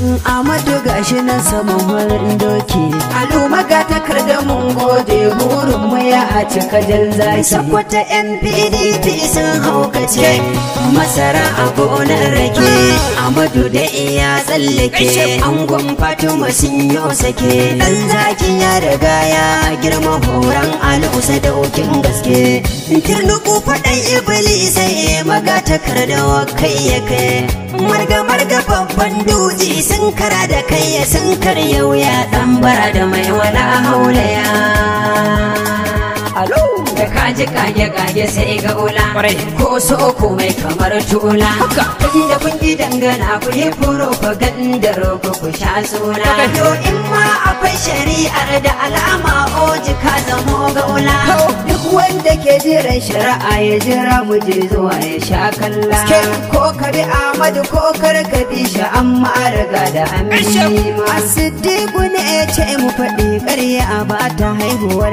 Mm, Amadu gashi nan saman wurin doki. Al'umma ga takardar mun gode burin mu ya a cikadin zaki. Sakwata NPDP sun haukace masara a gonar rake. Amadu da iya tsallake angon Fatima sun yi sake. Dan zaki ya riga ya girma horon alusa daukin gaske. Tirnuku faɗan Iblis sai maga takardar kai ya kai. babban sun kara da kai ya sun karya wuya dan bara da mai wala haulaya alo da kaji kage kage sai ga ula ko so ko mai kamar tula kun dangana ku yi furo ku gandar ku ku sha suna to in ma akwai shari'ar da alama oji ka zamo gaula duk wanda ke jiran shari'a ya jira mu je zuwa ya sha kalla ko ka bi Ahmadu ko kar ka bi shi amma riga da amini ma siddiqu ne ya ce mu faɗi ƙarya ba ta haihuwar